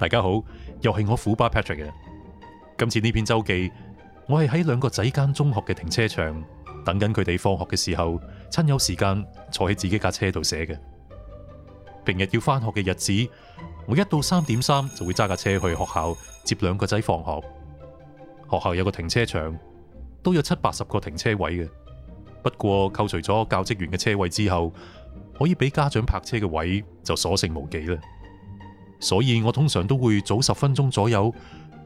大家好，又係我虎爸 Patrick 啊。今次呢篇周記，我係喺兩個仔間中學嘅停車場等緊佢哋放學嘅時候，趁有時間坐喺自己架車度寫嘅。平日要返學嘅日子，我一到三點三就會揸架車去學校接兩個仔放學。學校有個停車場，都有七八十個停車位嘅。不過扣除咗教職員嘅車位之後，可以俾家長泊車嘅位就所剩無幾啦。所以我通常都會早十分鐘左右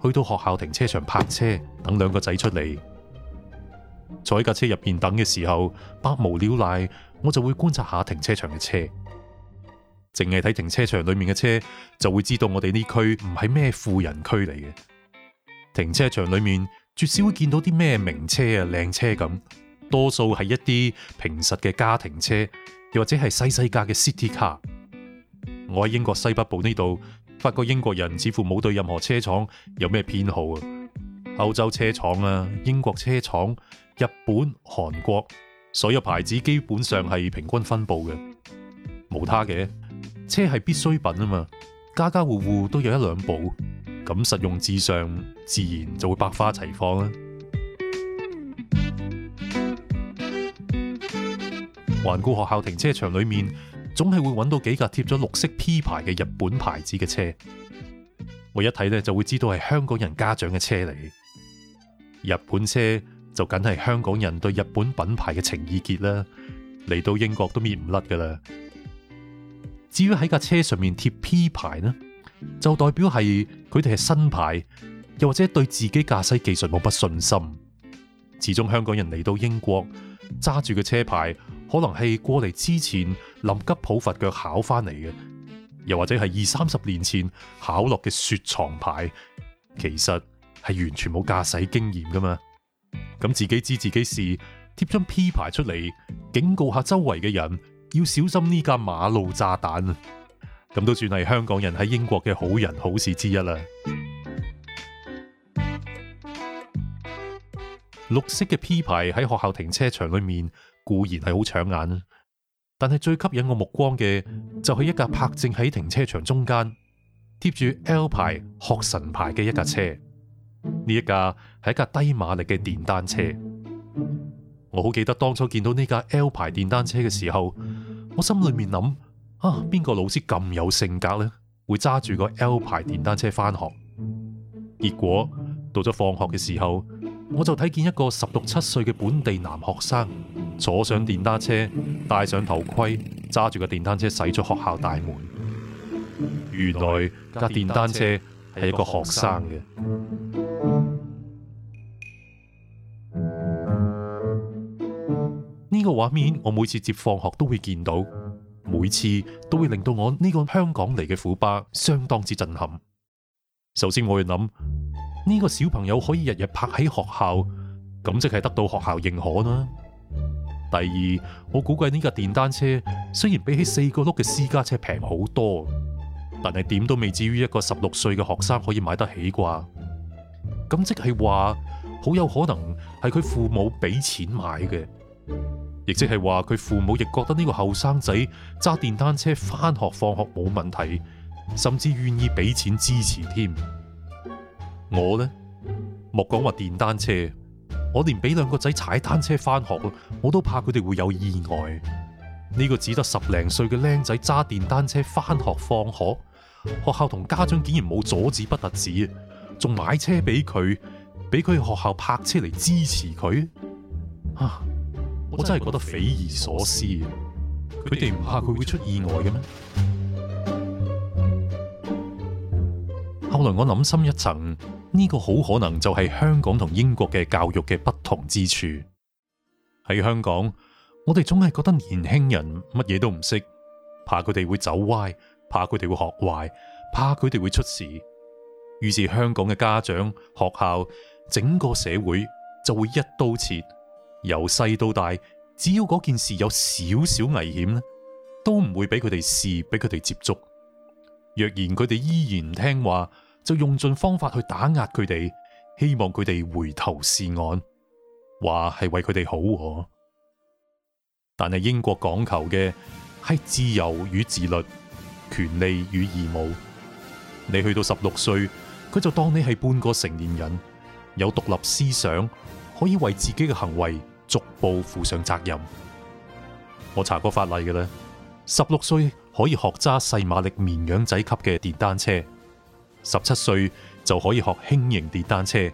去到學校停車場泊車，等兩個仔出嚟。坐喺架車入邊等嘅時候，百無聊賴，我就會觀察下停車場嘅車。淨係睇停車場裏面嘅車，就會知道我哋呢區唔係咩富人區嚟嘅。停車場裏面絕少會見到啲咩名車啊靚車咁，多數係一啲平實嘅家庭車，又或者係細細架嘅 Citycar。我喺英國西北部呢度，發覺英國人似乎冇對任何車廠有咩偏好啊！歐洲車廠啊，英國車廠，日本、韓國，所有牌子基本上係平均分布嘅，無他嘅，車係必需品啊嘛，家家戶戶都有一兩部，咁實用至上，自然就會百花齊放啦啊。環顧學校停車場裏面。總係會搵到幾架貼咗綠色 P 牌嘅日本牌子嘅車，我一睇呢就會知道係香港人家長嘅車嚟。日本車就梗係香港人對日本品牌嘅情意結啦，嚟到英國都滅唔甩噶啦。至於喺架車上面貼 P 牌呢，就代表係佢哋係新牌，又或者對自己駕駛技術冇乜信心。始終香港人嚟到英國揸住嘅車牌。可能係過嚟之前臨急抱佛腳考翻嚟嘅，又或者係二三十年前考落嘅雪藏牌，其實係完全冇駕駛經驗㗎嘛。咁自己知自己事，貼張 P 牌出嚟，警告下周圍嘅人要小心呢架馬路炸彈啊！咁都算係香港人喺英國嘅好人好事之一啦。綠色嘅 P 牌喺學校停車場裏面，固然係好搶眼，但係最吸引我目光嘅就係一架泊正喺停車場中間貼住 L 牌學神牌嘅一架車。呢一架係一架低馬力嘅電單車。我好記得當初見到呢架 L 牌電單車嘅時候，我心裏面諗啊，邊個老師咁有性格呢？會揸住個 L 牌電單車翻學？結果到咗放學嘅時候，我就睇見一個十六七歲嘅本地男學生。坐上電單車，戴上頭盔，揸住個電單車駛出學校大門。原來架電單車係一個學生嘅。呢個畫面我每次接放學都會見到，每次都會令到我呢個香港嚟嘅虎爸，相當之震撼。首先我會諗，呢、這個小朋友可以日日泊喺學校，咁即係得到學校認可啦。第二，我估計呢架電單車雖然比起四個轆嘅私家車平好多，但係點都未至於一個十六歲嘅學生可以買得起啩。咁即係話，好有可能係佢父母俾錢買嘅，亦即係話佢父母亦覺得呢個後生仔揸電單車翻學放學冇問題，甚至願意俾錢支持添。我呢，莫講話電單車。我連俾兩個仔踩單車翻學，我都怕佢哋會有意外。呢個只得十零歲嘅僆仔揸電單車翻學放學，學校同家長竟然冇阻止不特止，仲買車俾佢，俾佢去學校泊車嚟支持佢。啊，我真係覺得匪夷所思。佢哋唔怕佢會出意外嘅咩？後來我諗深一層。呢個好可能就係香港同英國嘅教育嘅不同之處。喺香港，我哋總係覺得年輕人乜嘢都唔識，怕佢哋會走歪，怕佢哋會學壞，怕佢哋會出事。於是香港嘅家長、學校、整個社會就會一刀切，由細到大，只要嗰件事有少少危險呢，都唔會俾佢哋試，俾佢哋接觸。若然佢哋依然聽話。就用盡方法去打壓佢哋，希望佢哋回頭是岸，話係為佢哋好啊。但係英國講求嘅係自由與自律、權利與義務。你去到十六歲，佢就當你係半個成年人，有獨立思想，可以為自己嘅行為逐步負上責任。我查過法例嘅啦，十六歲可以學揸細馬力綿羊仔級嘅電單車。十七歲就可以學輕型電單車，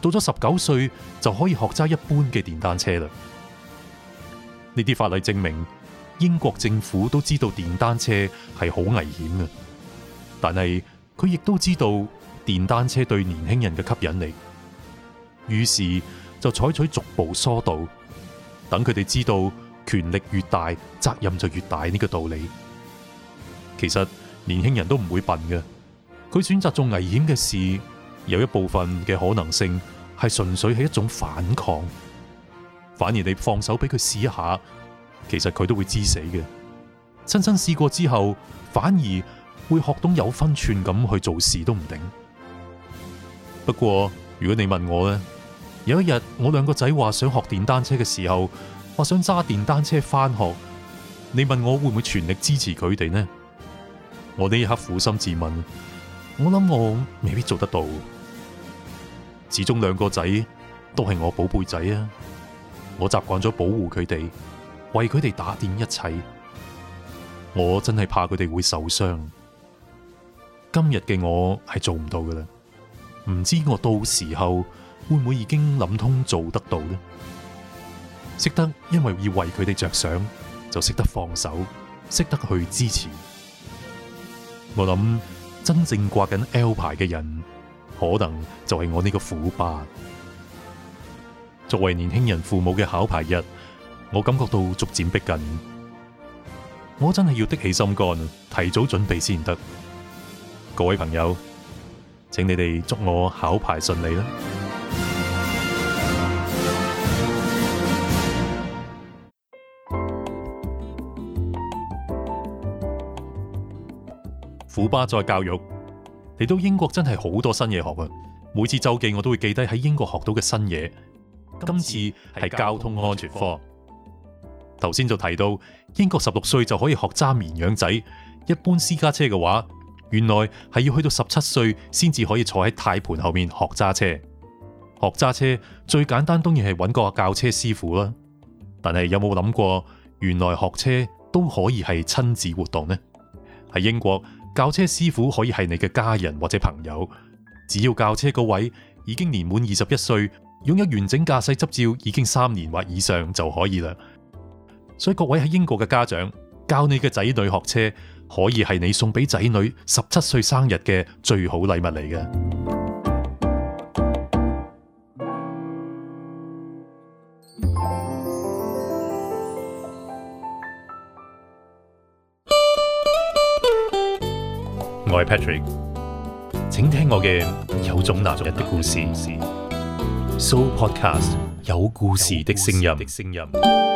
到咗十九歲就可以學揸一般嘅電單車啦。呢啲法例證明英國政府都知道電單車係好危險嘅，但係佢亦都知道電單車對年輕人嘅吸引力，於是就採取逐步疏導，等佢哋知道權力越大，責任就越大呢個道理。其實年輕人都唔會笨嘅。佢選擇做危險嘅事，有一部分嘅可能性係純粹係一種反抗。反而你放手俾佢試一下，其實佢都會知死嘅。親身試過之後，反而會學懂有分寸咁去做事都唔定。不過如果你問我咧，有一日我兩個仔話想學電單車嘅時候，話想揸電單車返學，你問我會唔會全力支持佢哋呢？我呢一刻苦心自問。我諗我未必做得到，始終兩個仔都係我寶貝仔啊！我習慣咗保護佢哋，為佢哋打點一切，我真係怕佢哋會受傷。今日嘅我係做唔到噶啦，唔知我到時候會唔會已經諗通做得到呢？識得因為要為佢哋着想就，就識得放手，識得去支持。我諗。真正掛緊 L 牌嘅人，可能就係我呢個苦爸。作為年輕人父母嘅考牌日，我感覺到逐漸逼近，我真係要扚起心肝，提早準備先得。各位朋友，請你哋祝我考牌順利啦！古巴再教育，嚟到英國真係好多新嘢學啊！每次周記我都會記低喺英國學到嘅新嘢。今次係交通安全課，頭先就提到英國十六歲就可以學揸綿羊仔，一般私家車嘅話，原來係要去到十七歲先至可以坐喺軚盤後面學揸車。學揸車最簡單當然係揾個教車師傅啦。但係有冇諗過，原來學車都可以係親子活動呢？喺英國。教車師傅可以係你嘅家人或者朋友，只要教車嗰位已經年滿二十一歲，擁有完整駕駛執照已經三年或以上就可以啦。所以各位喺英國嘅家長，教你嘅仔女學車，可以係你送俾仔女十七歲生日嘅最好禮物嚟嘅。我係 Patrick，請聽我嘅有種男人的故事，的故事，So Podcast 有故事的聲音。